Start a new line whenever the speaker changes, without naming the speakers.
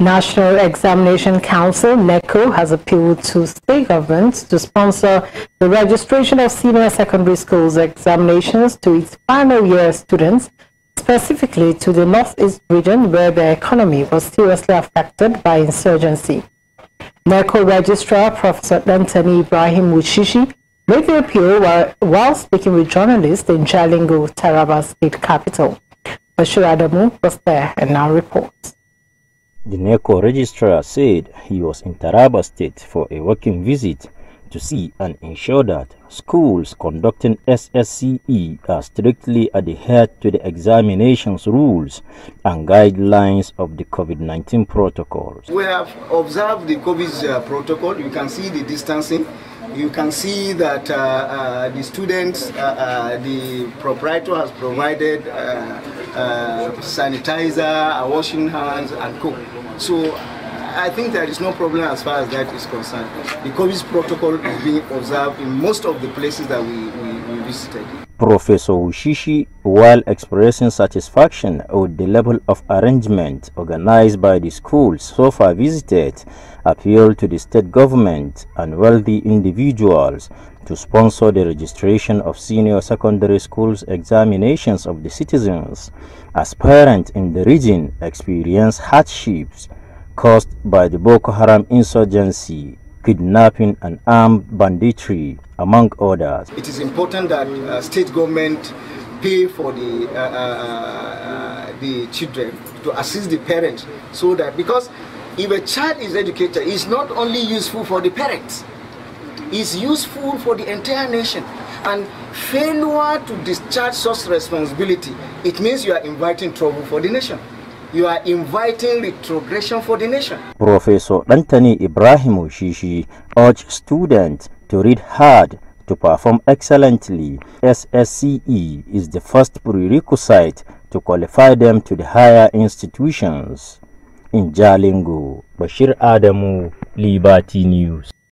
National Examination Council, NECO, has appealed to state governments to sponsor the registration of senior secondary schools examinations to its final year students, specifically to the northeast region where the economy was seriously affected by insurgency. NECO Registrar Professor Anthony Ibrahim Wuchishi made the appeal while, while speaking with journalists in Jalingo, Taraba State Capital. Bashir Adamu was there and now reports.
The NECO registrar said he was in Taraba State for a working visit to see and ensure that schools conducting SSCE are strictly adhered to the examinations rules and guidelines of the COVID-19 protocols.
We have observed the COVID uh, protocol. You can see the distancing. You can see that uh, uh, the students, uh, uh, the proprietor has provided uh, sanitizer, washing hands, and cook. So I think there is no problem as far as that is concerned. The COVID protocol is being observed in most of the places that we, we, we visited.
Professor Ushishi, while expressing satisfaction with the level of arrangement organized by the schools so far visited, appealed to the state government and wealthy individuals to sponsor the registration of senior secondary schools examinations of the citizens as parents in the region experience hardships caused by the Boko Haram insurgency, kidnapping and armed banditry, among others. It
is important that uh, state government pay for the, uh uh, uh, uh, the children, to assist the parents, so that because if a child is educated, it's not only useful for the parents, it's useful for the entire nation. And failure to discharge such responsibility, it means you are inviting trouble for the nation. you are inviting retrogression for the nation.
Professor Anthony Ibrahim Oshishi urged students to read hard to perform excellently. SSCE is the first prerequisite to qualify them to the higher institutions. In Jalingo, Bashir Adamu, Liberty News.